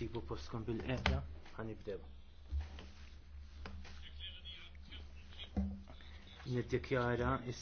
Sibu postkom bil-qeda, ħanibdew. Niddikjara